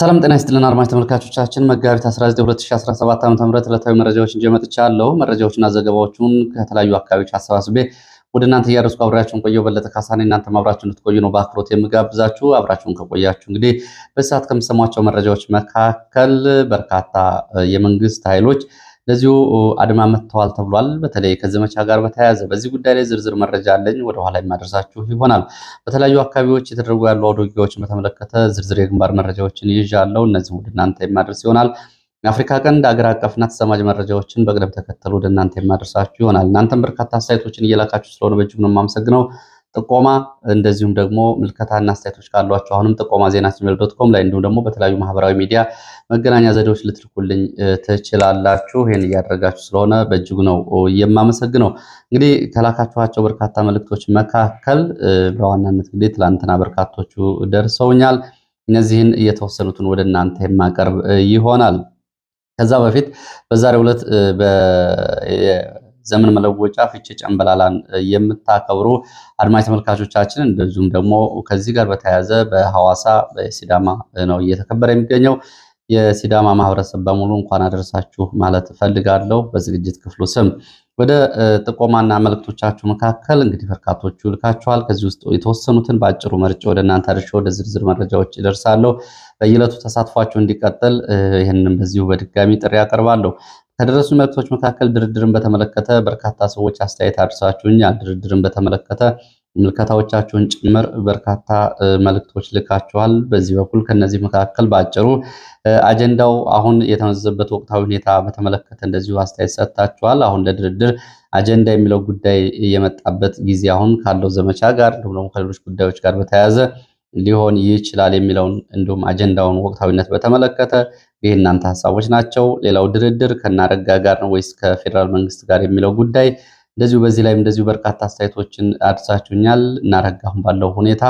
ሰላም ጤና ይስጥልን አድማጭ ተመልካቾቻችን፣ መጋቢት 19 2017 ዓ.ም ዕለታዊ መረጃዎችን ይዤ መረጃዎችና ዘገባዎቹን ከተለያዩ አካባቢዎች አሰባስቤ ወደ እናንተ እያደረስኩ አብሬያችሁን ቆየው በለጠ ካሳኔ። እናንተ አብራችሁ እንድትቆዩ ነው በአክብሮት የምጋብዛችሁ። አብራችሁን ከቆያችሁ እንግዲህ በሰዓት ከምሰሟቸው መረጃዎች መካከል በርካታ የመንግስት ኃይሎች ለዚሁ አድማ መጥተዋል ተብሏል። በተለይ ከዘመቻ ጋር በተያያዘ በዚህ ጉዳይ ላይ ዝርዝር መረጃ አለኝ ወደኋላ የማደርሳችሁ ይሆናል። በተለያዩ አካባቢዎች የተደረጉ ያሉ አውደ ውጊያዎችን በተመለከተ ዝርዝር የግንባር መረጃዎችን ይዣለሁ። እነዚህ ወደ እናንተ የማደርስ ይሆናል። የአፍሪካ ቀንድ አገር አቀፍና ተሰማጅ መረጃዎችን በቅደም ተከተሉ ወደ እናንተ የማደርሳችሁ ይሆናል። እናንተም በርካታ አስተያየቶችን እየላካችሁ ስለሆነ በእጅጉ ነው የማመሰግነው። ጥቆማ እንደዚሁም ደግሞ ምልከታና አስተያየቶች ካሏቸው አሁንም ጥቆማ ዜና ጂሜል ዶት ኮም ላይ እንዲሁም ደግሞ በተለያዩ ማህበራዊ ሚዲያ መገናኛ ዘዴዎች ልትልኩልኝ ትችላላችሁ። ይህን እያደረጋችሁ ስለሆነ በእጅጉ ነው የማመሰግነው። እንግዲህ ከላካችኋቸው በርካታ መልእክቶች መካከል በዋናነት እንግዲህ ትላንትና በርካቶቹ ደርሰውኛል። እነዚህን እየተወሰኑትን ወደ እናንተ የማቀርብ ይሆናል። ከዛ በፊት በዛሬው ዕለት ዘመን መለወጫ ፍቼ ጨምበላላን የምታከብሩ አድማጭ ተመልካቾቻችን እንደዚሁም ደግሞ ከዚህ ጋር በተያያዘ በሐዋሳ በሲዳማ ነው እየተከበረ የሚገኘው የሲዳማ ማህበረሰብ በሙሉ እንኳን አደረሳችሁ ማለት እፈልጋለሁ በዝግጅት ክፍሉ ስም። ወደ ጥቆማና መልእክቶቻችሁ መካከል እንግዲህ በርካቶቹ ይልካችኋል። ከዚህ ውስጥ የተወሰኑትን በአጭሩ መርጬ ወደ እናንተ አድርሼ ወደ ዝርዝር መረጃዎች ይደርሳለሁ። በየዕለቱ ተሳትፏችሁ እንዲቀጥል ይህንም በዚሁ በድጋሚ ጥሪ አቀርባለሁ። ከደረሱ መልእክቶች መካከል ድርድርን በተመለከተ በርካታ ሰዎች አስተያየት አድርሳችሁኛል። ድርድርን በተመለከተ ምልከታዎቻችሁን ጭምር በርካታ መልእክቶች ልካችኋል። በዚህ በኩል ከነዚህ መካከል በአጭሩ አጀንዳው አሁን የተመዘዘበት ወቅታዊ ሁኔታ በተመለከተ እንደዚሁ አስተያየት ሰጥታችኋል። አሁን ለድርድር አጀንዳ የሚለው ጉዳይ የመጣበት ጊዜ አሁን ካለው ዘመቻ ጋር እንዲሁም ደግሞ ከሌሎች ጉዳዮች ጋር በተያያዘ ሊሆን ይችላል የሚለውን እንዲሁም አጀንዳውን ወቅታዊነት በተመለከተ ይህ እናንተ ሀሳቦች ናቸው። ሌላው ድርድር ከናረጋ ጋር ነው ወይስ ከፌዴራል መንግስት ጋር የሚለው ጉዳይ እንደዚሁ በዚህ ላይም እንደዚሁ በርካታ አስተያየቶችን አድርሳችሁኛል። እናረጋሁን ባለው ሁኔታ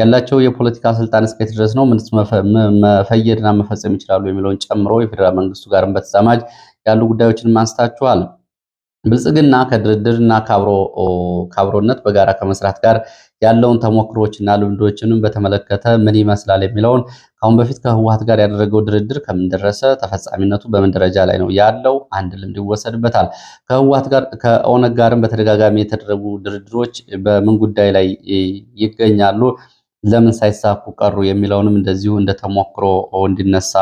ያላቸው የፖለቲካ ስልጣን እስከየት ድረስ ነው? ምንስ መፈየድና መፈጸም ይችላሉ? የሚለውን ጨምሮ የፌዴራል መንግስቱ ጋርም በተዛማጅ ያሉ ጉዳዮችን አንስታችኋል። ብልጽግና ከድርድርና ከአብሮነት በጋራ ከመስራት ጋር ያለውን ተሞክሮችና ልምዶችንም በተመለከተ ምን ይመስላል የሚለውን ከአሁን በፊት ከህወሀት ጋር ያደረገው ድርድር ከምን ደረሰ፣ ተፈጻሚነቱ በምን ደረጃ ላይ ነው ያለው፣ አንድ ልምድ ይወሰድበታል። ከህወሀት ጋር ከኦነግ ጋርም በተደጋጋሚ የተደረጉ ድርድሮች በምን ጉዳይ ላይ ይገኛሉ ለምን ሳይሳኩ ቀሩ የሚለውንም እንደዚሁ እንደተሞክሮ እንዲነሳ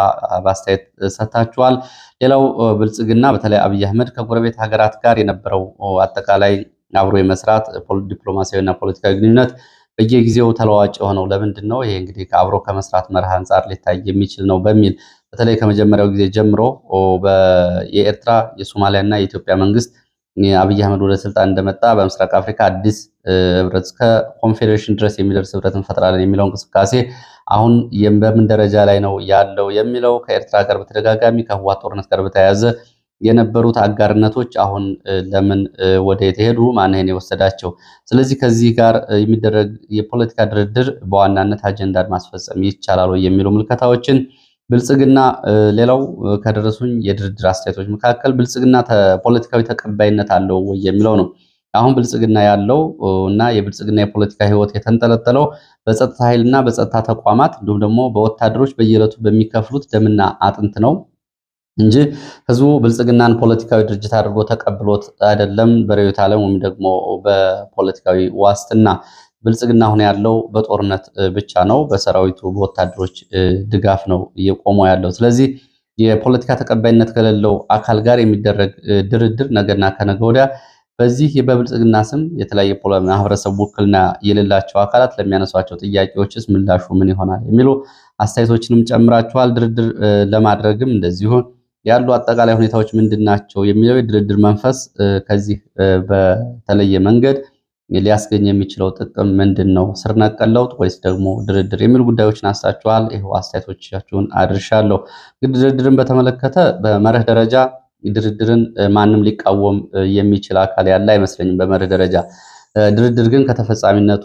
በአስተያየት ሰጥታችኋል። ሌላው ብልጽግና በተለይ አብይ አህመድ ከጎረቤት ሀገራት ጋር የነበረው አጠቃላይ አብሮ የመስራት ዲፕሎማሲያዊና ፖለቲካዊ ግንኙነት በየጊዜው ተለዋጭ የሆነው ለምንድን ነው? ይሄ እንግዲህ ከአብሮ ከመስራት መርህ አንጻር ሊታይ የሚችል ነው በሚል በተለይ ከመጀመሪያው ጊዜ ጀምሮ የኤርትራ የሶማሊያና የኢትዮጵያ መንግስት አብይ አህመድ ወደ ስልጣን እንደመጣ በምስራቅ አፍሪካ አዲስ ህብረት እስከ ኮንፌዴሬሽን ድረስ የሚደርስ ህብረት እንፈጥራለን የሚለው እንቅስቃሴ አሁን በምን ደረጃ ላይ ነው ያለው የሚለው ከኤርትራ ጋር በተደጋጋሚ ከህወሓት ጦርነት ጋር በተያያዘ የነበሩት አጋርነቶች አሁን ለምን ወደ የተሄዱ ማንህን የወሰዳቸው? ስለዚህ ከዚህ ጋር የሚደረግ የፖለቲካ ድርድር በዋናነት አጀንዳን ማስፈጸም ይቻላል የሚሉ ምልከታዎችን ብልጽግና ሌላው ከደረሱኝ የድርድር አስተያየቶች መካከል ብልጽግና ፖለቲካዊ ተቀባይነት አለው ወይ የሚለው ነው። አሁን ብልጽግና ያለው እና የብልጽግና የፖለቲካ ህይወት የተንጠለጠለው በጸጥታ ኃይልና በጸጥታ ተቋማት እንዲሁም ደግሞ በወታደሮች በየዕለቱ በሚከፍሉት ደምና አጥንት ነው እንጂ ህዝቡ ብልጽግናን ፖለቲካዊ ድርጅት አድርጎ ተቀብሎት አይደለም። በሬዮት ዓለም ወይም ደግሞ በፖለቲካዊ ዋስትና ብልጽግና አሁን ያለው በጦርነት ብቻ ነው፣ በሰራዊቱ በወታደሮች ድጋፍ ነው እየቆመ ያለው። ስለዚህ የፖለቲካ ተቀባይነት ከሌለው አካል ጋር የሚደረግ ድርድር ነገና ከነገ ወዲያ በዚህ በብልጽግና ስም የተለያየ ማህበረሰብ ውክልና የሌላቸው አካላት ለሚያነሷቸው ጥያቄዎችስ ምላሹ ምን ይሆናል የሚሉ አስተያየቶችንም ጨምራችኋል። ድርድር ለማድረግም እንደዚሁ ያሉ አጠቃላይ ሁኔታዎች ምንድን ናቸው የሚለው የድርድር መንፈስ ከዚህ በተለየ መንገድ ሊያስገኝ የሚችለው ጥቅም ምንድን ነው? ስር ነቀል ለውጥ ወይስ ደግሞ ድርድር የሚሉ ጉዳዮችን አንስታችኋል። ይኸው አስተያየቶቻችሁን አድርሻለሁ። እንግዲህ ድርድርን በተመለከተ በመርህ ደረጃ ድርድርን ማንም ሊቃወም የሚችል አካል ያለ አይመስለኝም በመርህ ደረጃ። ድርድር ግን ከተፈጻሚነቱ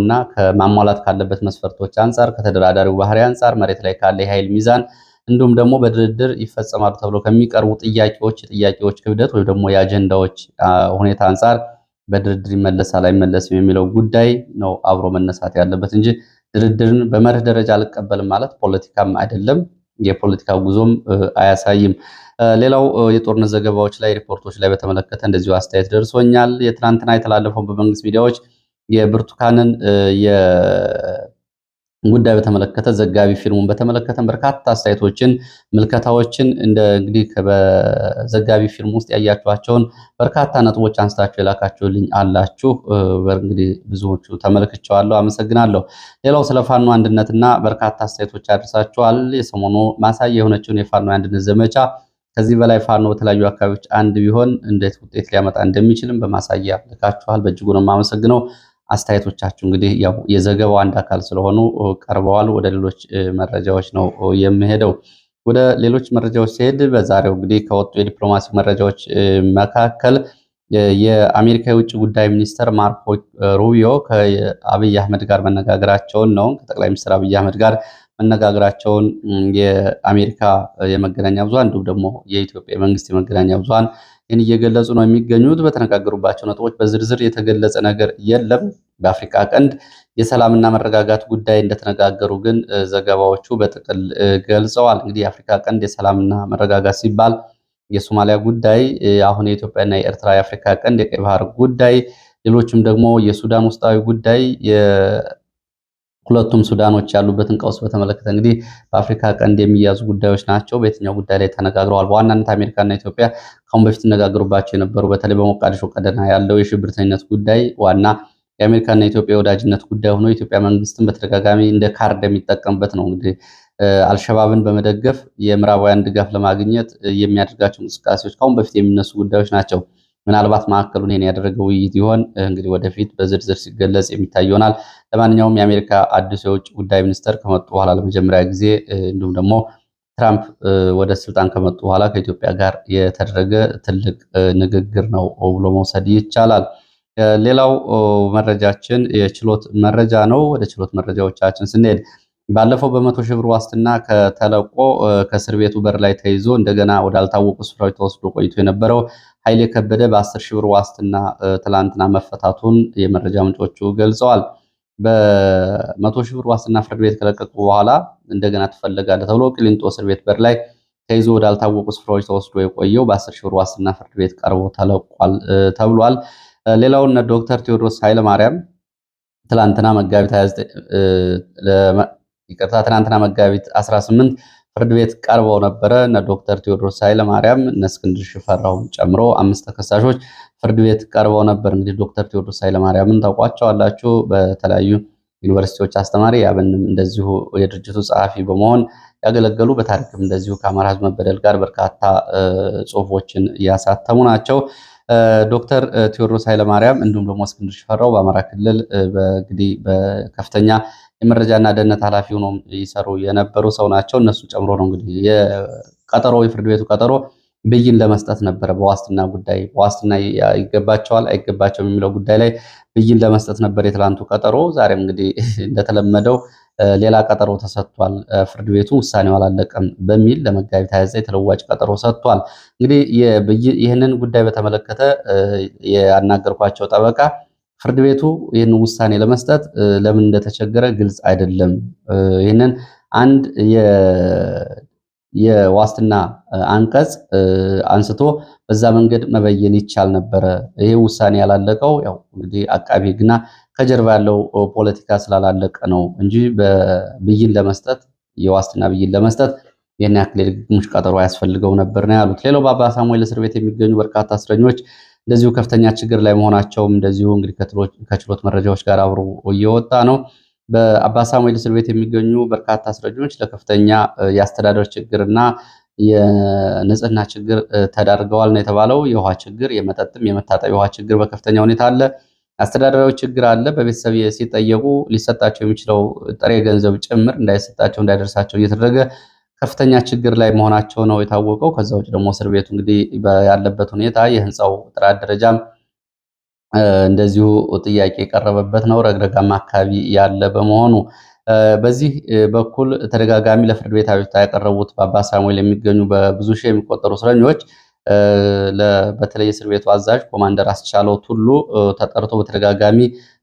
እና ከማሟላት ካለበት መስፈርቶች አንጻር፣ ከተደራዳሪው ባህሪ አንጻር፣ መሬት ላይ ካለ የኃይል ሚዛን እንዲሁም ደግሞ በድርድር ይፈጸማሉ ተብሎ ከሚቀርቡ ጥያቄዎች የጥያቄዎች ክብደት ወይም ደግሞ የአጀንዳዎች ሁኔታ አንጻር በድርድር ይመለሳል አይመለስም የሚለው ጉዳይ ነው አብሮ መነሳት ያለበት እንጂ ድርድርን በመርህ ደረጃ አልቀበልም ማለት ፖለቲካም አይደለም፣ የፖለቲካ ጉዞም አያሳይም። ሌላው የጦርነት ዘገባዎች ላይ ሪፖርቶች ላይ በተመለከተ እንደዚሁ አስተያየት ደርሶኛል። የትናንትና የተላለፈው በመንግስት ሚዲያዎች የብርቱካንን ጉዳይ በተመለከተ ዘጋቢ ፊልሙን በተመለከተ በርካታ አስተያየቶችን፣ ምልከታዎችን እንደ እንግዲህ በዘጋቢ ፊልም ውስጥ ያያችኋቸውን በርካታ ነጥቦች አንስታችሁ የላካችሁልኝ አላችሁ። እንግዲህ ብዙዎቹ ተመልክቸዋለሁ፣ አመሰግናለሁ። ሌላው ስለ ፋኖ አንድነትና በርካታ አስተያየቶች አድርሳችኋል። የሰሞኑ ማሳያ የሆነችውን የፋኖ አንድነት ዘመቻ ከዚህ በላይ ፋኖ በተለያዩ አካባቢዎች አንድ ቢሆን እንዴት ውጤት ሊያመጣ እንደሚችልም በማሳያ ልካችኋል። በእጅጉ ነው የማመሰግነው። አስተያየቶቻችሁ እንግዲህ ያው የዘገባው አንድ አካል ስለሆኑ ቀርበዋል። ወደ ሌሎች መረጃዎች ነው የምሄደው። ወደ ሌሎች መረጃዎች ሲሄድ በዛሬው እንግዲህ ከወጡ የዲፕሎማሲ መረጃዎች መካከል የአሜሪካ የውጭ ጉዳይ ሚኒስትር ማርኮ ሩቢዮ ከአብይ አህመድ ጋር መነጋገራቸውን ነው ከጠቅላይ ሚኒስትር አብይ አህመድ ጋር መነጋገራቸውን የአሜሪካ የመገናኛ ብዙን እንዲሁም ደግሞ የኢትዮጵያ መንግስት የመገናኛ ብዙሃን። ይህን እየገለጹ ነው የሚገኙት። በተነጋገሩባቸው ነጥቦች በዝርዝር የተገለጸ ነገር የለም። በአፍሪካ ቀንድ የሰላምና መረጋጋት ጉዳይ እንደተነጋገሩ ግን ዘገባዎቹ በጥቅል ገልጸዋል። እንግዲህ የአፍሪካ ቀንድ የሰላምና መረጋጋት ሲባል የሶማሊያ ጉዳይ፣ አሁን የኢትዮጵያና የኤርትራ የአፍሪካ ቀንድ የቀይ ባህር ጉዳይ፣ ሌሎችም ደግሞ የሱዳን ውስጣዊ ጉዳይ ሁለቱም ሱዳኖች ያሉበትን ቀውስ በተመለከተ እንግዲህ በአፍሪካ ቀንድ የሚያዙ ጉዳዮች ናቸው። በየትኛው ጉዳይ ላይ ተነጋግረዋል? በዋናነት አሜሪካና ኢትዮጵያ ከአሁን በፊት ይነጋገሩባቸው የነበሩ በተለይ በሞቃዲሾ ቀደና ያለው የሽብርተኝነት ጉዳይ ዋና የአሜሪካና የኢትዮጵያ የወዳጅነት ጉዳይ ሆኖ የኢትዮጵያ መንግስትም በተደጋጋሚ እንደ ካርድ የሚጠቀምበት ነው። እንግዲህ አልሸባብን በመደገፍ የምዕራባውያን ድጋፍ ለማግኘት የሚያደርጋቸው እንቅስቃሴዎች ከአሁን በፊት የሚነሱ ጉዳዮች ናቸው። ምናልባት ማዕከሉን ይሄን ያደረገ ውይይት ይሆን እንግዲህ ወደፊት በዝርዝር ሲገለጽ የሚታይ ይሆናል። ለማንኛውም የአሜሪካ አዲሱ የውጭ ጉዳይ ሚኒስተር ከመጡ በኋላ ለመጀመሪያ ጊዜ እንዲሁም ደግሞ ትራምፕ ወደ ስልጣን ከመጡ በኋላ ከኢትዮጵያ ጋር የተደረገ ትልቅ ንግግር ነው ብሎ መውሰድ ይቻላል። ሌላው መረጃችን የችሎት መረጃ ነው። ወደ ችሎት መረጃዎቻችን ስንሄድ ባለፈው በመቶ ሺህ ብር ዋስትና ከተለቆ ከእስር ቤቱ በር ላይ ተይዞ እንደገና ወዳልታወቁ ስፍራዎች ተወስዶ ቆይቶ የነበረው ኃይሌ ከበደ በ10 ሺህ ብር ዋስትና ትላንትና መፈታቱን የመረጃ ምንጮቹ ገልጸዋል። በመቶ ሺህ ብር ዋስትና ፍርድ ቤት ከለቀቁ በኋላ እንደገና ትፈለጋለህ ተብሎ ቅሊንጦ እስር ቤት በር ላይ ተይዞ ወዳልታወቁ ስፍራዎች ተወስዶ የቆየው በ10 ሺህ ብር ዋስትና ፍርድ ቤት ቀርቦ ተለቋል ተብሏል። ሌላው ሌላውን ዶክተር ቴዎድሮስ ኃይለማርያም ትላንትና መጋቢት ይቅርታ ትናንትና መጋቢት 18 ፍርድ ቤት ቀርበው ነበረ። እነ ዶክተር ቴዎድሮስ ኃይለማርያም እነ እስክንድር ሽፈራውን ጨምሮ አምስት ተከሳሾች ፍርድ ቤት ቀርበው ነበር። እንግዲህ ዶክተር ቴዎድሮስ ኃይለማርያምን ታውቋቸዋላችሁ። በተለያዩ ዩኒቨርሲቲዎች አስተማሪ፣ ያብንም እንደዚሁ የድርጅቱ ጸሐፊ በመሆን ያገለገሉ በታሪክም እንደዚሁ ከአማራ ሕዝብ መበደል ጋር በርካታ ጽሁፎችን እያሳተሙ ናቸው። ዶክተር ቴዎድሮስ ኃይለማርያም እንዲሁም ደግሞ እስክንድር ሽፈራው በአማራ ክልል እንግዲህ በከፍተኛ የመረጃና ደህንነት ኃላፊ ሆኖ ይሰሩ የነበሩ ሰው ናቸው። እነሱ ጨምሮ ነው እንግዲህ የቀጠሮ የፍርድ ቤቱ ቀጠሮ ብይን ለመስጠት ነበረ። በዋስትና ጉዳይ በዋስትና ይገባቸዋል አይገባቸውም የሚለው ጉዳይ ላይ ብይን ለመስጠት ነበር የትላንቱ ቀጠሮ። ዛሬም እንግዲህ እንደተለመደው ሌላ ቀጠሮ ተሰጥቷል። ፍርድ ቤቱ ውሳኔው አላለቀም በሚል ለመጋቢት 29 ተለዋጭ ቀጠሮ ሰጥቷል። እንግዲህ ይህንን ጉዳይ በተመለከተ ያናገርኳቸው ጠበቃ ፍርድ ቤቱ ይህንን ውሳኔ ለመስጠት ለምን እንደተቸገረ ግልጽ አይደለም። ይህንን አንድ የዋስትና አንቀጽ አንስቶ በዛ መንገድ መበየን ይቻል ነበረ። ይሄ ውሳኔ ያላለቀው ያው እንግዲህ አቃቢ ሕግና ከጀርባ ያለው ፖለቲካ ስላላለቀ ነው እንጂ በብይን ለመስጠት የዋስትና ብይን ለመስጠት ይህን ያክል የድግግሞሽ ቀጠሮ አያስፈልገው ነበር ነው ያሉት። ሌላው በአባ ሳሙኤል እስር ቤት የሚገኙ በርካታ እስረኞች እንደዚሁ ከፍተኛ ችግር ላይ መሆናቸውም እንደዚሁ እንግዲህ ከችሎት መረጃዎች ጋር አብሮ እየወጣ ነው። በአባ ሳሙኤል እስር ቤት የሚገኙ በርካታ እስረኞች ለከፍተኛ የአስተዳደር ችግርና የንጽህና ችግር ተዳርገዋል ነው የተባለው። የውሃ ችግር፣ የመጠጥም የመታጠብ የውሃ ችግር በከፍተኛ ሁኔታ አለ። አስተዳደራዊ ችግር አለ። በቤተሰብ ሲጠየቁ ሊሰጣቸው የሚችለው ጥሬ ገንዘብ ጭምር እንዳይሰጣቸው እንዳይደርሳቸው እየተደረገ ከፍተኛ ችግር ላይ መሆናቸው ነው የታወቀው። ከዛ ውጭ ደግሞ እስር ቤቱ እንግዲህ ያለበት ሁኔታ የህንፃው ጥራት ደረጃም እንደዚሁ ጥያቄ የቀረበበት ነው። ረግረጋማ አካባቢ ያለ በመሆኑ በዚህ በኩል ተደጋጋሚ ለፍርድ ቤት አቤቱታ ያቀረቡት በአባ ሳሙኤል የሚገኙ በብዙ ሺህ የሚቆጠሩ እስረኞች በተለይ እስር ቤቱ አዛዥ ኮማንደር አስቻለው ቱሉ ተጠርቶ በተደጋጋሚ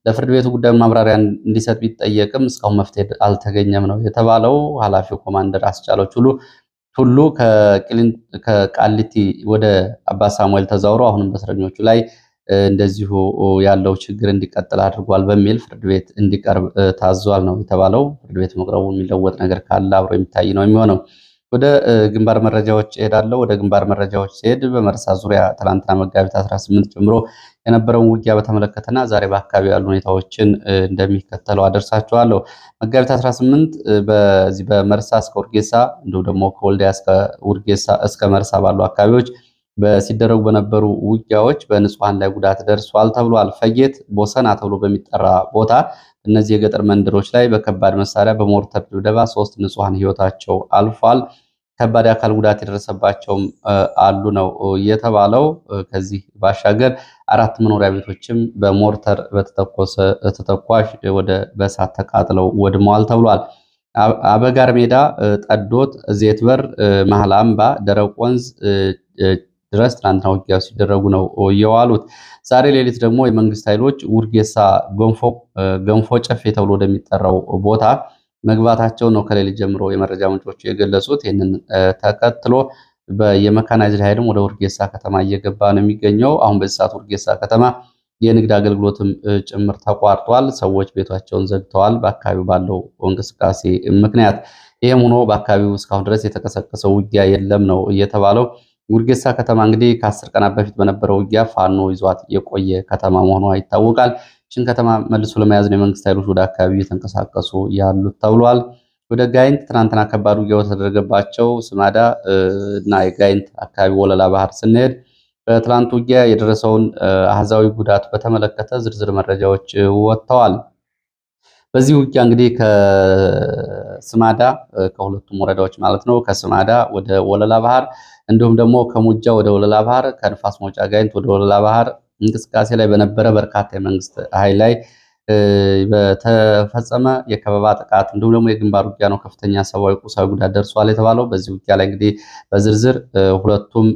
ለፍርድ ቤቱ ጉዳዩን ማብራሪያ እንዲሰጥ ቢጠየቅም እስካሁን መፍትሄ አልተገኘም ነው የተባለው። ኃላፊው ኮማንደር አስቻለው ሁሉ ሁሉ ከቃሊቲ ወደ አባ ሳሙኤል ተዛውሮ አሁንም በእስረኞቹ ላይ እንደዚሁ ያለው ችግር እንዲቀጥል አድርጓል በሚል ፍርድ ቤት እንዲቀርብ ታዟል ነው የተባለው። ፍርድ ቤት መቅረቡ የሚለወጥ ነገር ካለ አብሮ የሚታይ ነው የሚሆነው። ወደ ግንባር መረጃዎች እሄዳለሁ። ወደ ግንባር መረጃዎች ሲሄድ በመርሳ ዙሪያ ትላንትና መጋቢት 18 ጀምሮ የነበረውን ውጊያ በተመለከተና ዛሬ በአካባቢ ያሉ ሁኔታዎችን እንደሚከተለው አደርሳችኋለሁ። መጋቢት 18 በዚህ በመርሳ እስከ ውርጌሳ እንዲሁም ደግሞ ከወልዲያ እስከ ውርጌሳ እስከ መርሳ ባሉ አካባቢዎች ሲደረጉ በነበሩ ውጊያዎች በንጹሐን ላይ ጉዳት ደርሷል ተብሏል። ፈጌት ቦሰና ተብሎ በሚጠራ ቦታ እነዚህ የገጠር መንደሮች ላይ በከባድ መሳሪያ በሞርተር ድብደባ ሶስት ንጹሐን ህይወታቸው አልፏል። ከባድ አካል ጉዳት የደረሰባቸውም አሉ ነው የተባለው። ከዚህ ባሻገር አራት መኖሪያ ቤቶችም በሞርተር በተተኮሰ ተተኳሽ ወደ በሳት ተቃጥለው ወድመዋል ተብሏል። አበጋር ሜዳ፣ ጠዶት፣ ዜትበር፣ መሀል አምባ፣ ደረቅ ወንዝ ድረስ ትናንትና ውጊያ ሲደረጉ ነው የዋሉት። ዛሬ ሌሊት ደግሞ የመንግስት ኃይሎች ውርጌሳ ገንፎ ጨፌ ተብሎ ወደሚጠራው ቦታ መግባታቸው ነው ከሌሊት ጀምሮ የመረጃ ምንጮቹ የገለጹት። ይህንን ተከትሎ የመካናይዝድ ኃይልም ወደ ውርጌሳ ከተማ እየገባ ነው የሚገኘው። አሁን በዚህ ሰዓት ውርጌሳ ከተማ የንግድ አገልግሎትም ጭምር ተቋርጧል። ሰዎች ቤታቸውን ዘግተዋል በአካባቢው ባለው እንቅስቃሴ ምክንያት። ይህም ሆኖ በአካባቢው እስካሁን ድረስ የተቀሰቀሰው ውጊያ የለም ነው እየተባለው ውርጌሳ ከተማ እንግዲህ ከአስር ቀናት በፊት በነበረው ውጊያ ፋኖ ይዟት የቆየ ከተማ መሆኗ ይታወቃል። ይህችን ከተማ መልሶ ለመያዝ ነው የመንግስት ኃይሎች ወደ አካባቢ እየተንቀሳቀሱ ያሉት ተብሏል። ወደ ጋይንት ትናንትና ከባድ ውጊያ በተደረገባቸው ስማዳ እና የጋይንት አካባቢ ወለላ ባህር ስንሄድ በትላንት ውጊያ የደረሰውን አህዛዊ ጉዳት በተመለከተ ዝርዝር መረጃዎች ወጥተዋል። በዚህ ውጊያ እንግዲህ ከስማዳ ከሁለቱም ወረዳዎች ማለት ነው ከስማዳ ወደ ወለላ ባህር እንዲሁም ደግሞ ከሙጃ ወደ ወለላ ባህር ከንፋስ መውጫ ጋይንት ወደ ወለላ ባህር እንቅስቃሴ ላይ በነበረ በርካታ የመንግስት ኃይል ላይ በተፈጸመ የከበባ ጥቃት እንዲሁም ደግሞ የግንባር ውጊያ ነው ከፍተኛ ሰብአዊ፣ ቁሳዊ ጉዳት ደርሷል የተባለው። በዚህ ውጊያ ላይ እንግዲህ በዝርዝር ሁለቱም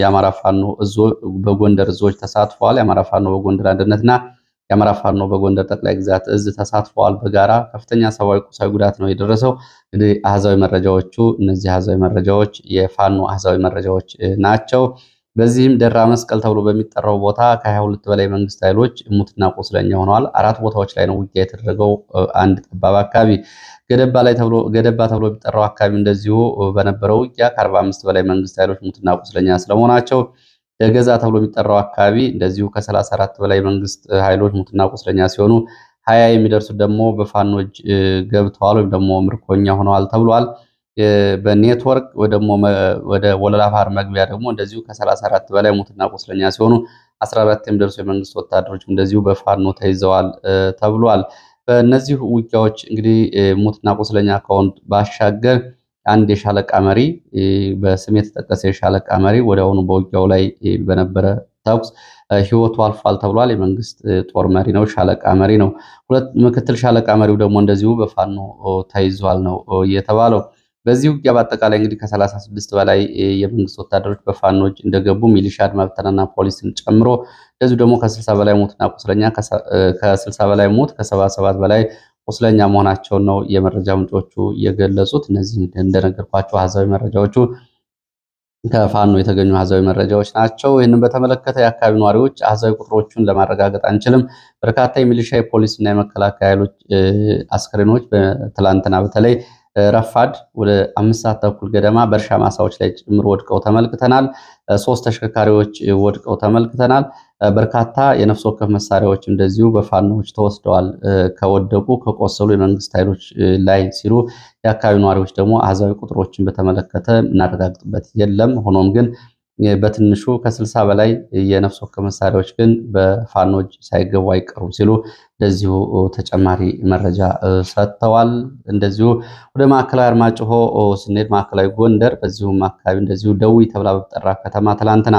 የአማራ ፋኖ በጎንደር እዞች ተሳትፈዋል። የአማራ ፋኖ በጎንደር አንድነትና የአማራ ፋኖ በጎንደር ጠቅላይ ግዛት እዝ ተሳትፈዋል። በጋራ ከፍተኛ ሰብአዊ፣ ቁሳዊ ጉዳት ነው የደረሰው። እንግዲህ አሃዛዊ መረጃዎቹ እነዚህ አሃዛዊ መረጃዎች የፋኖ አሃዛዊ መረጃዎች ናቸው። በዚህም ደራ መስቀል ተብሎ በሚጠራው ቦታ ከ22 በላይ መንግስት ኃይሎች ሙትና ቁስለኛ ሆነዋል። አራት ቦታዎች ላይ ነው ውጊያ የተደረገው። አንድ ጠባብ አካባቢ ገደባ ላይ ተብሎ ገደባ ተብሎ የሚጠራው አካባቢ እንደዚሁ በነበረው ውጊያ ከ45 በላይ መንግስት ኃይሎች ሙትና ቁስለኛ ስለመሆናቸው ገዛ ተብሎ የሚጠራው አካባቢ እንደዚሁ ከ34 በላይ መንግስት ኃይሎች ሙትና ቁስለኛ ሲሆኑ ሀያ የሚደርሱ ደግሞ በፋኖች ገብተዋል ወይም ደግሞ ምርኮኛ ሆነዋል ተብሏል። በኔትወርክ ወደ ወለላ ባህር መግቢያ ደግሞ እንደዚሁ ከ34 በላይ ሙትና ቁስለኛ ሲሆኑ 14 የሚደርሱ የመንግስት ወታደሮች እንደዚሁ በፋኖ ተይዘዋል ተብሏል። በእነዚህ ውጊያዎች እንግዲህ ሙትና ቁስለኛ ከሆኑት ባሻገር አንድ የሻለቃ መሪ በስም የተጠቀሰ የሻለቃ መሪ ወዲያውኑ በውጊያው ላይ በነበረ ተኩስ ህይወቱ አልፏል ተብሏል። የመንግስት ጦር መሪ ነው፣ ሻለቃ መሪ ነው። ሁለት ምክትል ሻለቃ መሪው ደግሞ እንደዚሁ በፋኖ ተይዟል ነው እየተባለው። በዚህ ውጊያ በአጠቃላይ እንግዲህ ከ36 በላይ የመንግስት ወታደሮች በፋኖች እንደገቡ ሚሊሻ አድማ ብተናና ፖሊስን ጨምሮ እንደዚሁ ደግሞ ከ ከስልሳ በላይ ሞትና ቁስለኛ ከስልሳ በላይ ሞት ከ77 በላይ ቁስለኛ መሆናቸውን ነው የመረጃ ምንጮቹ የገለጹት። እነዚህ እንደነገርኳቸው አሃዛዊ መረጃዎቹ ከፋኖ የተገኙ አሃዛዊ መረጃዎች ናቸው። ይህንን በተመለከተ የአካባቢ ነዋሪዎች አሃዛዊ ቁጥሮቹን ለማረጋገጥ አንችልም፣ በርካታ የሚሊሻ የፖሊስና እና የመከላከያ ኃይሎች አስክሬኖች በትላንትና በተለይ ረፋድ ወደ አምስት ሰዓት ተኩል ገደማ በእርሻ ማሳዎች ላይ ጭምር ወድቀው ተመልክተናል። ሶስት ተሽከርካሪዎች ወድቀው ተመልክተናል። በርካታ የነፍስ ወከፍ መሳሪያዎች እንደዚሁ በፋኖዎች ተወስደዋል። ከወደቁ ከቆሰሉ የመንግስት ኃይሎች ላይ ሲሉ የአካባቢው ነዋሪዎች ደግሞ አሃዛዊ ቁጥሮችን በተመለከተ እናረጋግጥበት የለም። ሆኖም ግን በትንሹ ከስልሳ በላይ የነፍስ ወከፍ መሳሪያዎች ግን በፋኖች ሳይገቡ አይቀሩም ሲሉ እንደዚሁ ተጨማሪ መረጃ ሰጥተዋል። እንደዚሁ ወደ ማዕከላዊ አርማጭሆ ስንሄድ ማዕከላዊ ጎንደር፣ በዚሁም አካባቢ እንደዚሁ ደዊ ተብላ በጠራ ከተማ ትላንትና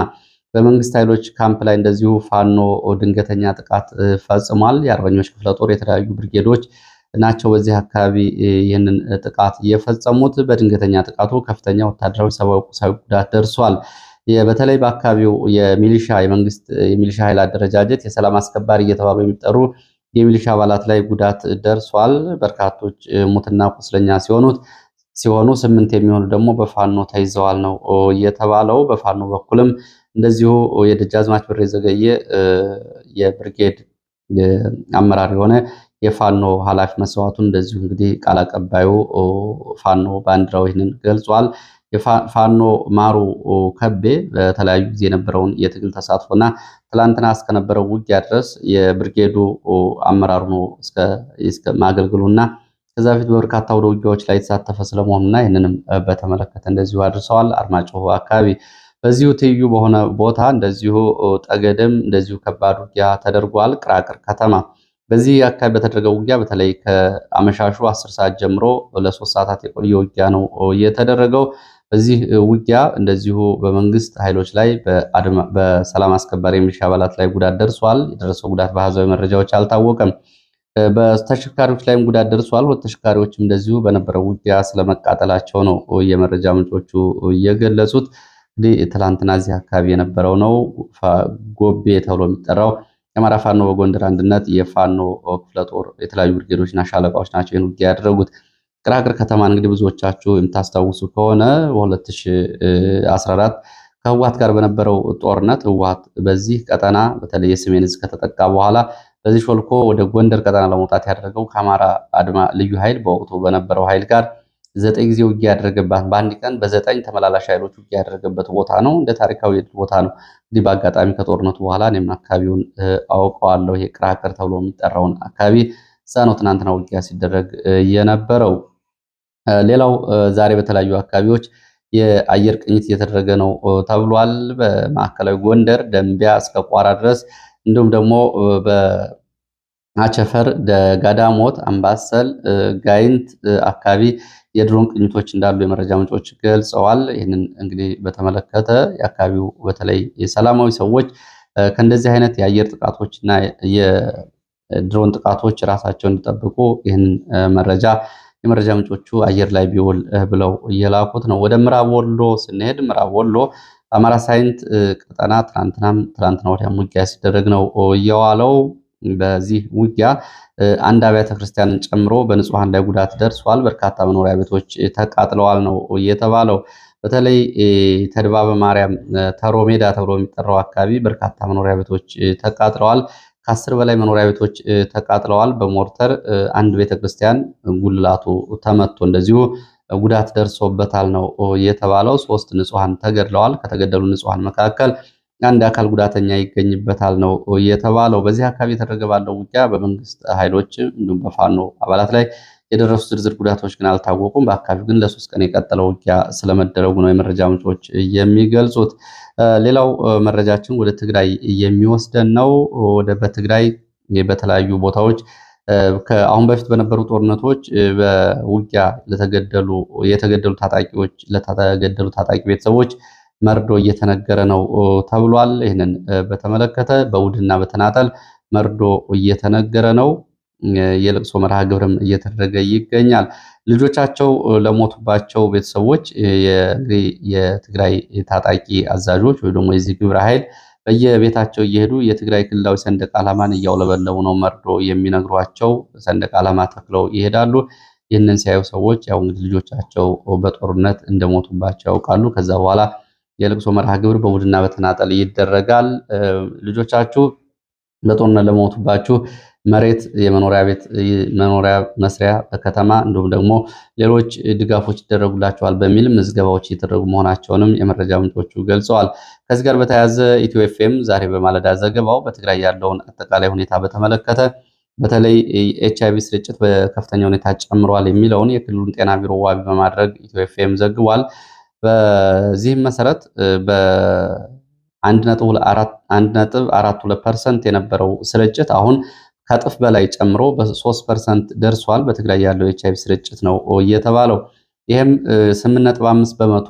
በመንግስት ኃይሎች ካምፕ ላይ እንደዚሁ ፋኖ ድንገተኛ ጥቃት ፈጽሟል። የአርበኞች ክፍለ ጦር የተለያዩ ብርጌዶች ናቸው በዚህ አካባቢ ይህንን ጥቃት እየፈጸሙት። በድንገተኛ ጥቃቱ ከፍተኛ ወታደራዊ፣ ሰብአዊ፣ ቁሳዊ ጉዳት ደርሷል። በተለይ በአካባቢው የሚሊሻ የመንግስት የሚሊሻ ኃይል አደረጃጀት የሰላም አስከባሪ እየተባሉ የሚጠሩ የሚሊሻ አባላት ላይ ጉዳት ደርሷል። በርካቶች ሙትና ቁስለኛ ሲሆኑት ሲሆኑ ስምንት የሚሆኑ ደግሞ በፋኖ ተይዘዋል ነው የተባለው። በፋኖ በኩልም እንደዚሁ የደጃዝማች ብሬ ዘገየ የብርጌድ አመራር የሆነ የፋኖ ኃላፊ መስዋዕቱን እንደዚሁ እንግዲህ ቃል አቀባዩ ፋኖ ባንዲራው ይህንን ገልጿል። የፋኖ ማሩ ከቤ በተለያዩ ጊዜ የነበረውን የትግል ተሳትፎና ትላንትና እስከነበረው ውጊያ ድረስ የብርጌዱ አመራር ነው ማገልገሉና ከዛ በፊት በበርካታ ወደ ውጊያዎች ላይ የተሳተፈ ስለመሆኑና ይህንንም በተመለከተ እንደዚሁ አድርሰዋል። አርማጭሆ አካባቢ በዚሁ ትይዩ በሆነ ቦታ እንደዚሁ ጠገድም እንደዚሁ ከባድ ውጊያ ተደርጓል። ቅራቅር ከተማ በዚህ አካባቢ በተደረገ ውጊያ በተለይ ከአመሻሹ አስር ሰዓት ጀምሮ ለሶስት ሰዓታት የቆየ ውጊያ ነው የተደረገው። በዚህ ውጊያ እንደዚሁ በመንግስት ኃይሎች ላይ በሰላም አስከባሪ የሚሊሻ አባላት ላይ ጉዳት ደርሷል። የደረሰው ጉዳት በአሃዛዊ መረጃዎች አልታወቀም። በተሽከርካሪዎች ላይም ጉዳት ደርሷል። ሁለት ተሽከርካሪዎችም እንደዚሁ በነበረው ውጊያ ስለመቃጠላቸው ነው የመረጃ ምንጮቹ የገለጹት። እንግዲህ ትላንትና እዚህ አካባቢ የነበረው ነው ጎቤ ተብሎ የሚጠራው የአማራ ፋኖ በጎንደር አንድነት የፋኖ ክፍለ ጦር የተለያዩ ብርጌዶችና ሻለቃዎች ናቸው ይህን ውጊያ ያደረጉት። ቅራቅር ከተማን እንግዲህ ብዙዎቻችሁ የምታስታውሱ ከሆነ በ2014 ከህወሓት ጋር በነበረው ጦርነት ህወሓት በዚህ ቀጠና በተለይ የሰሜን ዝ ከተጠቃ በኋላ በዚህ ሾልኮ ወደ ጎንደር ቀጠና ለመውጣት ያደረገው ከአማራ አድማ ልዩ ኃይል በወቅቱ በነበረው ኃይል ጋር ዘጠኝ ጊዜ ውጊያ ያደረገባት በአንድ ቀን በዘጠኝ ተመላላሽ ኃይሎች ውጊያ ያደረገበት ቦታ ነው። እንደ ታሪካዊ የድል ቦታ ነው። እንግዲህ በአጋጣሚ ከጦርነቱ በኋላ እኔም አካባቢውን አውቀዋለሁ። ይሄ ቅራቅር ተብሎ የሚጠራውን አካባቢ እዛ ነው ትናንትና ውጊያ ሲደረግ የነበረው። ሌላው ዛሬ በተለያዩ አካባቢዎች የአየር ቅኝት እየተደረገ ነው ተብሏል። በማዕከላዊ ጎንደር ደንቢያ እስከ ቋራ ድረስ እንዲሁም ደግሞ በአቸፈር ደጋዳሞት፣ አምባሰል፣ ጋይንት አካባቢ የድሮን ቅኝቶች እንዳሉ የመረጃ ምንጮች ገልጸዋል። ይህንን እንግዲህ በተመለከተ የአካባቢው በተለይ የሰላማዊ ሰዎች ከእንደዚህ አይነት የአየር ጥቃቶችና የድሮን ጥቃቶች ራሳቸውን እንዲጠብቁ ይህንን መረጃ የመረጃ ምንጮቹ አየር ላይ ቢውል ብለው እየላኩት ነው። ወደ ምዕራብ ወሎ ስንሄድ ምዕራብ ወሎ በአማራ ሳይንት ቀጠና ትናንትናም ትናንትና ወዲያም ውጊያ ሲደረግ ነው እየዋለው። በዚህ ውጊያ አንድ አብያተ ክርስቲያንን ጨምሮ በንጹሐን ላይ ጉዳት ደርሷል። በርካታ መኖሪያ ቤቶች ተቃጥለዋል ነው የተባለው። በተለይ ተድባበ ማርያም ተሮ ሜዳ ተብሎ የሚጠራው አካባቢ በርካታ መኖሪያ ቤቶች ተቃጥለዋል። ከአስር በላይ መኖሪያ ቤቶች ተቃጥለዋል። በሞርተር አንድ ቤተክርስቲያን ጉልላቱ ተመቶ እንደዚሁ ጉዳት ደርሶበታል ነው የተባለው። ሶስት ንጹሐን ተገድለዋል። ከተገደሉ ንጹሐን መካከል አንድ አካል ጉዳተኛ ይገኝበታል ነው የተባለው። በዚህ አካባቢ የተደረገ ባለው ውጊያ በመንግስት ኃይሎች እንዲሁም በፋኖ አባላት ላይ የደረሱ ዝርዝር ጉዳቶች ግን አልታወቁም። በአካባቢው ግን ለሶስት ቀን የቀጠለው ውጊያ ስለመደረጉ ነው የመረጃ ምንጮች የሚገልጹት። ሌላው መረጃችን ወደ ትግራይ የሚወስደን ነው። ወደ በትግራይ በተለያዩ ቦታዎች ከአሁን በፊት በነበሩ ጦርነቶች በውጊያ ለተገደሉ የተገደሉ ታጣቂዎች ለተገደሉ ታጣቂ ቤተሰቦች መርዶ እየተነገረ ነው ተብሏል። ይህንን በተመለከተ በውድና በተናጠል መርዶ እየተነገረ ነው። የልቅሶ መርሃ ግብርም እየተደረገ ይገኛል። ልጆቻቸው ለሞቱባቸው ቤተሰቦች የትግራይ ታጣቂ አዛዦች ወይ ደግሞ የዚህ ግብረ ኃይል በየቤታቸው እየሄዱ የትግራይ ክልላዊ ሰንደቅ ዓላማን እያውለበለቡ ነው መርዶ የሚነግሯቸው። ሰንደቅ ዓላማ ተክለው ይሄዳሉ። ይህንን ሲያዩ ሰዎች ያው እንግዲህ ልጆቻቸው በጦርነት እንደሞቱባቸው ያውቃሉ። ከዛ በኋላ የልቅሶ መርሃ ግብር በቡድና በተናጠል ይደረጋል። ልጆቻችሁ በጦርነት ለሞቱባችሁ መሬት፣ የመኖሪያ ቤት መኖሪያ መስሪያ በከተማ እንዲሁም ደግሞ ሌሎች ድጋፎች ይደረጉላቸዋል በሚል ምዝገባዎች እየተደረጉ መሆናቸውንም የመረጃ ምንጮቹ ገልጸዋል። ከዚህ ጋር በተያያዘ ኢትዮ ኤፍኤም ዛሬ በማለዳ ዘገባው በትግራይ ያለውን አጠቃላይ ሁኔታ በተመለከተ በተለይ ኤች አይቪ ስርጭት በከፍተኛ ሁኔታ ጨምሯል የሚለውን የክልሉን ጤና ቢሮ ዋቢ በማድረግ ኢትዮ ኤፍኤም ዘግቧል። በዚህም መሰረት በ ሁለት ፐርሰንት የነበረው ስርጭት አሁን ከጥፍ በላይ ጨምሮ በሶስት ፐርሰንት ደርሷል። በትግራይ ያለው ኤች አይቪ ስርጭት ነው እየተባለው ይህም ስምንት ነጥብ አምስት በመቶ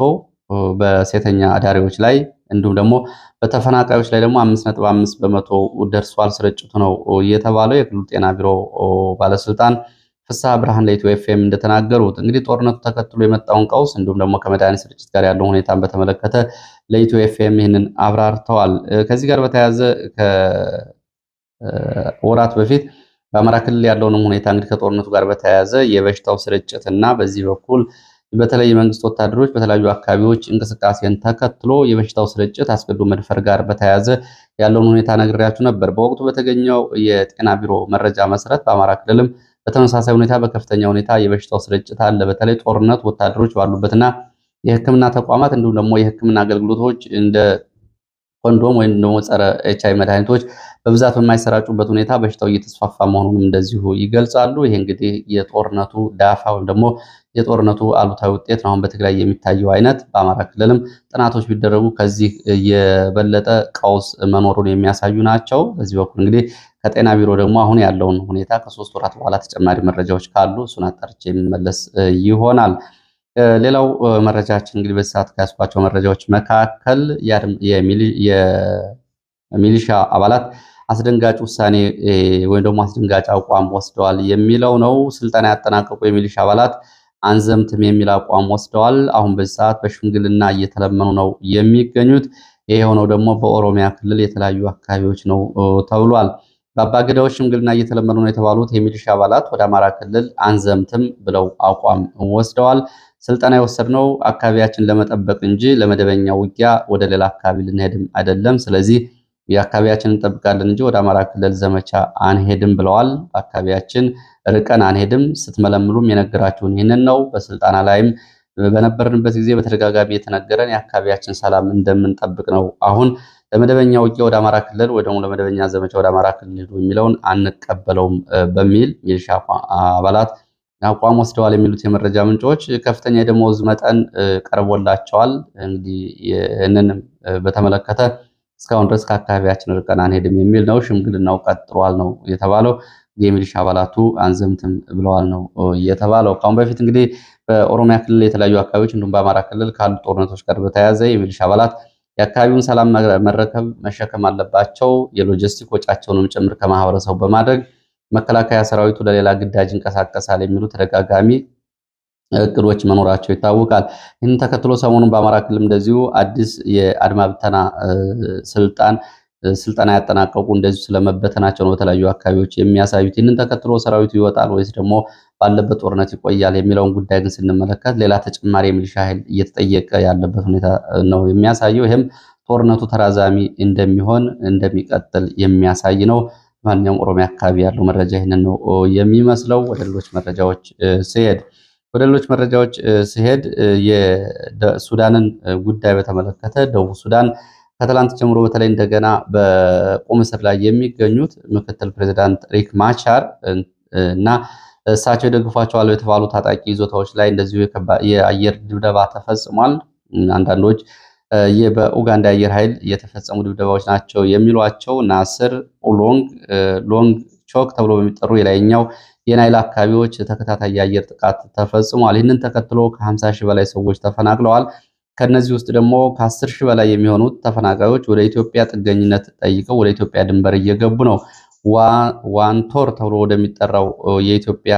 በሴተኛ አዳሪዎች ላይ እንዲሁም ደግሞ በተፈናቃዮች ላይ ደግሞ አምስት ነጥብ አምስት በመቶ ደርሷል ስርጭቱ ነው እየተባለው የክልሉ ጤና ቢሮ ባለስልጣን ፍስሐ ብርሃን ለኢትዮ ኤፍኤም እንደተናገሩት እንግዲህ ጦርነቱ ተከትሎ የመጣውን ቀውስ እንዲሁም ደግሞ ከመድኃኒት ስርጭት ጋር ያለው ሁኔታን በተመለከተ ለኢትዮ ኤፍኤም ይህንን አብራርተዋል። ከዚህ ጋር በተያያዘ ወራት በፊት በአማራ ክልል ያለውንም ሁኔታ እንግዲህ ከጦርነቱ ጋር በተያያዘ የበሽታው ስርጭት እና በዚህ በኩል በተለይ የመንግስት ወታደሮች በተለያዩ አካባቢዎች እንቅስቃሴን ተከትሎ የበሽታው ስርጭት አስገዶ መድፈር ጋር በተያያዘ ያለውን ሁኔታ ነግሬያችሁ ነበር። በወቅቱ በተገኘው የጤና ቢሮ መረጃ መሰረት በአማራ ክልልም በተመሳሳይ ሁኔታ በከፍተኛ ሁኔታ የበሽታው ስርጭት አለ። በተለይ ጦርነት ወታደሮች ባሉበትና የሕክምና ተቋማት እንዲሁም ደግሞ የሕክምና አገልግሎቶች እንደ ኮንዶም ወይም ደግሞ ጸረ ኤች አይ መድኃኒቶች በብዛት በማይሰራጩበት ሁኔታ በሽታው እየተስፋፋ መሆኑንም እንደዚሁ ይገልጻሉ። ይሄ እንግዲህ የጦርነቱ ዳፋ ወይም ደግሞ የጦርነቱ አሉታዊ ውጤት ነው። አሁን በትግራይ የሚታየው አይነት በአማራ ክልልም ጥናቶች ቢደረጉ ከዚህ የበለጠ ቀውስ መኖሩን የሚያሳዩ ናቸው። በዚህ በኩል እንግዲህ ከጤና ቢሮ ደግሞ አሁን ያለውን ሁኔታ ከሶስት ወራት በኋላ ተጨማሪ መረጃዎች ካሉ እሱን አጣርቼ የሚመለስ ይሆናል። ሌላው መረጃችን እንግዲህ በዚህ ሰዓት መረጃዎች መካከል የሚሊሻ አባላት አስደንጋጭ ውሳኔ ወይም ደግሞ አስደንጋጭ አቋም ወስደዋል የሚለው ነው። ስልጠና ያጠናቀቁ የሚሊሻ አባላት አንዘምትም የሚል አቋም ወስደዋል። አሁን በዚህ ሰዓት በሽምግልና እየተለመኑ ነው የሚገኙት። ይህ የሆነው ደግሞ በኦሮሚያ ክልል የተለያዩ አካባቢዎች ነው ተብሏል። በአባገዳዎች ሽምግልና እየተለመኑ ነው የተባሉት የሚሊሻ አባላት ወደ አማራ ክልል አንዘምትም ብለው አቋም ወስደዋል። ስልጠና የወሰድነው አካባቢያችን ለመጠበቅ እንጂ ለመደበኛ ውጊያ ወደ ሌላ አካባቢ ልንሄድም አይደለም። ስለዚህ የአካባቢያችን እንጠብቃለን እንጂ ወደ አማራ ክልል ዘመቻ አንሄድም ብለዋል። አካባቢያችን ርቀን አንሄድም። ስትመለምሉም የነገራችሁን ይህንን ነው። በስልጠና ላይም በነበርንበት ጊዜ በተደጋጋሚ የተነገረን የአካባቢያችን ሰላም እንደምንጠብቅ ነው። አሁን ለመደበኛ ውጊያ ወደ አማራ ክልል ወይ ደግሞ ለመደበኛ ዘመቻ ወደ አማራ ክልል ሄዱ የሚለውን አንቀበለውም በሚል ሚሊሻ አባላት አቋም ወስደዋል የሚሉት የመረጃ ምንጮች ከፍተኛ የደሞዝ መጠን ቀርቦላቸዋል። እንግዲህ ይህንንም በተመለከተ እስካሁን ድረስ ከአካባቢያችን ርቀን አንሄድም የሚል ነው። ሽምግልናው ቀጥሏል ነው የተባለው። የሚሊሻ አባላቱ አንዘምትም ብለዋል ነው የተባለው። ከአሁን በፊት እንግዲህ በኦሮሚያ ክልል የተለያዩ አካባቢዎች እንዲሁም በአማራ ክልል ካሉ ጦርነቶች ጋር በተያያዘ የሚሊሻ አባላት የአካባቢውን ሰላም መረከብ መሸከም አለባቸው፣ የሎጂስቲክ ወጫቸውንም ጭምር ከማህበረሰቡ በማድረግ መከላከያ ሰራዊቱ ለሌላ ግዳጅ ይንቀሳቀሳል የሚሉ ተደጋጋሚ እቅዶች መኖራቸው ይታወቃል። ይህን ተከትሎ ሰሞኑን በአማራ ክልል እንደዚሁ አዲስ የአድማ ብተና ስልጣን ስልጠና ያጠናቀቁ እንደዚሁ ስለመበተናቸው ነው በተለያዩ አካባቢዎች የሚያሳዩት። ይህንን ተከትሎ ሰራዊቱ ይወጣል ወይስ ደግሞ ባለበት ጦርነት ይቆያል የሚለውን ጉዳይ ግን ስንመለከት ሌላ ተጨማሪ የሚሊሻ ኃይል እየተጠየቀ ያለበት ሁኔታ ነው የሚያሳየው። ይህም ጦርነቱ ተራዛሚ እንደሚሆን እንደሚቀጥል የሚያሳይ ነው። ማንኛውም ኦሮሚያ አካባቢ ያለው መረጃ ይህንን ነው የሚመስለው። ወደ ሌሎች መረጃዎች ስሄድ ወደ ሌሎች መረጃዎች ስሄድ የሱዳንን ጉዳይ በተመለከተ ደቡብ ሱዳን ከትላንት ጀምሮ በተለይ እንደገና በቁም እስር ላይ የሚገኙት ምክትል ፕሬዚዳንት ሪክ ማቻር እና እሳቸው ይደግፏቸዋል የተባሉ ታጣቂ ይዞታዎች ላይ እንደዚሁ የአየር ድብደባ ተፈጽሟል። አንዳንዶች በኡጋንዳ አየር ኃይል የተፈጸሙ ድብደባዎች ናቸው የሚሏቸው ናስር፣ ኡሎንግ፣ ሎንግ ቾክ ተብሎ በሚጠሩ የላይኛው የናይል አካባቢዎች ተከታታይ የአየር ጥቃት ተፈጽሟል። ይህንን ተከትሎ ከ50 ሺህ በላይ ሰዎች ተፈናቅለዋል። ከነዚህ ውስጥ ደግሞ ከ10 ሺህ በላይ የሚሆኑት ተፈናቃዮች ወደ ኢትዮጵያ ጥገኝነት ጠይቀው ወደ ኢትዮጵያ ድንበር እየገቡ ነው። ዋንቶር ተብሎ ወደሚጠራው የኢትዮጵያ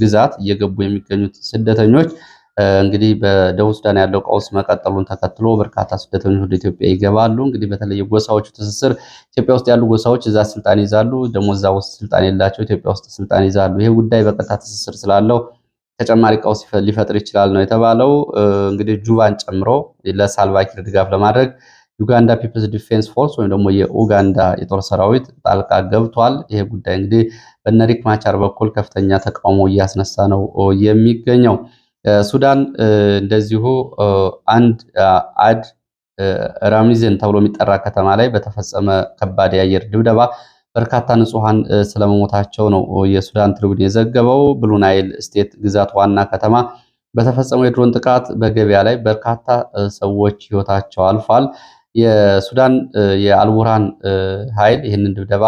ግዛት እየገቡ የሚገኙት ስደተኞች እንግዲህ በደቡብ ሱዳን ያለው ቀውስ መቀጠሉን ተከትሎ በርካታ ስደተኞች ወደ ኢትዮጵያ ይገባሉ። እንግዲህ በተለይ ጎሳዎቹ ትስስር ኢትዮጵያ ውስጥ ያሉ ጎሳዎች እዛ ስልጣን ይዛሉ፣ ደግሞ እዛ ውስጥ ስልጣን የላቸው ኢትዮጵያ ውስጥ ስልጣን ይዛሉ። ይሄ ጉዳይ በቀጥታ ትስስር ስላለው ተጨማሪ ቀውስ ሊፈጥር ይችላል ነው የተባለው። እንግዲህ ጁባን ጨምሮ ለሳልቫኪር ድጋፍ ለማድረግ ዩጋንዳ ፒፕልስ ዲፌንስ ፎርስ ወይም ደግሞ የኡጋንዳ የጦር ሰራዊት ጣልቃ ገብቷል። ይሄ ጉዳይ እንግዲህ በነሪክ ማቻር በኩል ከፍተኛ ተቃውሞ እያስነሳ ነው የሚገኘው። ሱዳን እንደዚሁ አንድ አድ ራሚዝን ተብሎ የሚጠራ ከተማ ላይ በተፈጸመ ከባድ የአየር ድብደባ በርካታ ንጹሐን ስለመሞታቸው ነው የሱዳን ትሪቡን የዘገበው። ብሉ ናይል ስቴት ግዛት ዋና ከተማ በተፈጸመው የድሮን ጥቃት በገበያ ላይ በርካታ ሰዎች ህይወታቸው አልፏል። የሱዳን የአልቡርሃን ኃይል ይህንን ድብደባ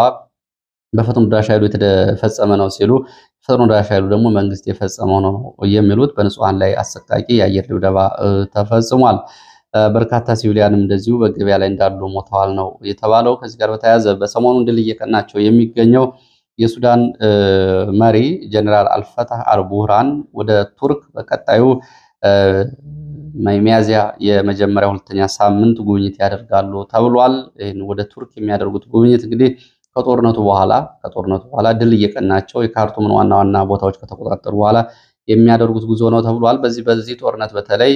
በፈጥኖ ደራሽ ኃይሉ የተፈጸመ ነው ሲሉ ፈጥኖ ደራሽ ኃይሉ ደግሞ መንግስት የፈጸመው ነው የሚሉት በንጹሐን ላይ አሰቃቂ የአየር ድብደባ ተፈጽሟል። በርካታ ሲቪሊያንም እንደዚሁ በገበያ ላይ እንዳሉ ሞተዋል ነው የተባለው። ከዚህ ጋር በተያያዘ በሰሞኑ ድል እየቀናቸው የሚገኘው የሱዳን መሪ ጀኔራል አልፈታህ አልቡርሃን ወደ ቱርክ በቀጣዩ ሚያዝያ የመጀመሪያ ሁለተኛ ሳምንት ጉብኝት ያደርጋሉ ተብሏል። ወደ ቱርክ የሚያደርጉት ጉብኝት እንግዲህ ከጦርነቱ በኋላ ከጦርነቱ በኋላ ድል እየቀናቸው የካርቱምን ዋና ዋና ቦታዎች ከተቆጣጠሩ በኋላ የሚያደርጉት ጉዞ ነው ተብሏል። በዚህ በዚህ ጦርነት በተለይ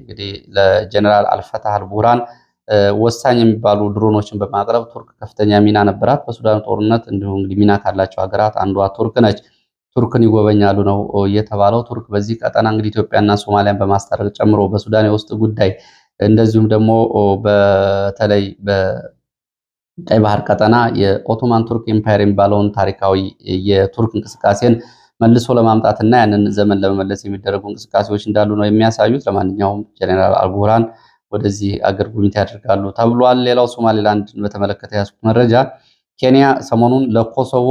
እንግዲህ ለጀነራል አልፈታህ አልቡራን ወሳኝ የሚባሉ ድሮኖችን በማቅረብ ቱርክ ከፍተኛ ሚና ነበራት። በሱዳን ጦርነት እንዲሁ እንግዲህ ሚና ካላቸው ሀገራት አንዷ ቱርክ ነች። ቱርክን ይጎበኛሉ ነው እየተባለው። ቱርክ በዚህ ቀጠና እንግዲህ ኢትዮጵያና ሶማሊያን በማስታረቅ ጨምሮ በሱዳን የውስጥ ጉዳይ እንደዚሁም ደግሞ በተለይ ቀይ ባህር ቀጠና የኦቶማን ቱርክ ኤምፓየር የሚባለውን ታሪካዊ የቱርክ እንቅስቃሴን መልሶ ለማምጣትና ያንን ዘመን ለመመለስ የሚደረጉ እንቅስቃሴዎች እንዳሉ ነው የሚያሳዩት። ለማንኛውም ጀኔራል አልቡርሃን ወደዚህ አገር ጉብኝት ያደርጋሉ ተብሏል። ሌላው ሶማሌላንድን በተመለከተ የያዝኩት መረጃ ኬንያ ሰሞኑን ለኮሶቮ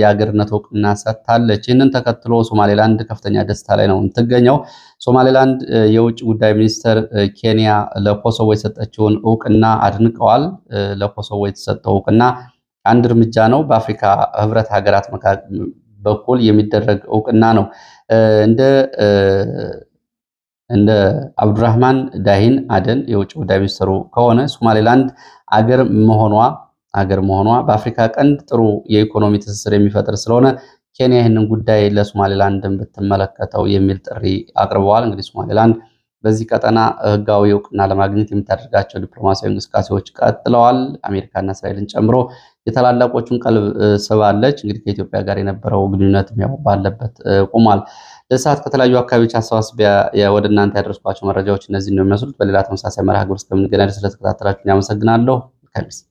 የአገርነት እውቅና ሰጥታለች። ይህንን ተከትሎ ሶማሌላንድ ከፍተኛ ደስታ ላይ ነው የምትገኘው። ሶማሌላንድ የውጭ ጉዳይ ሚኒስትር ኬንያ ለኮሶቮ የሰጠችውን እውቅና አድንቀዋል። ለኮሶቮ የተሰጠው እውቅና አንድ እርምጃ ነው፣ በአፍሪካ ህብረት ሀገራት በኩል የሚደረግ እውቅና ነው። እንደ እንደ አብዱራህማን ዳሂን አደን የውጭ ጉዳይ ሚኒስትሩ ከሆነ ሶማሌላንድ አገር መሆኗ አገር መሆኗ በአፍሪካ ቀንድ ጥሩ የኢኮኖሚ ትስስር የሚፈጥር ስለሆነ ኬንያ ይህንን ጉዳይ ለሶማሌላንድ ብትመለከተው የሚል ጥሪ አቅርበዋል። እንግዲህ ሶማሌላንድ በዚህ ቀጠና ህጋዊ እውቅና ለማግኘት የምታደርጋቸው ዲፕሎማሲያዊ እንቅስቃሴዎች ቀጥለዋል። አሜሪካና እስራኤልን ጨምሮ የተላላቆቹን ቀልብ ስባለች። እንግዲህ ከኢትዮጵያ ጋር የነበረው ግንኙነት ያው ባለበት ቆሟል። ለሰዓት ከተለያዩ አካባቢዎች አሰባስቢያ ወደ እናንተ ያደረስኳቸው መረጃዎች እነዚህ ነው የሚመስሉት። በሌላ ተመሳሳይ መርሃ ግብር እስከምንገናኝ ስለተከታተላችሁን ያመሰግናለሁ። ከሚስ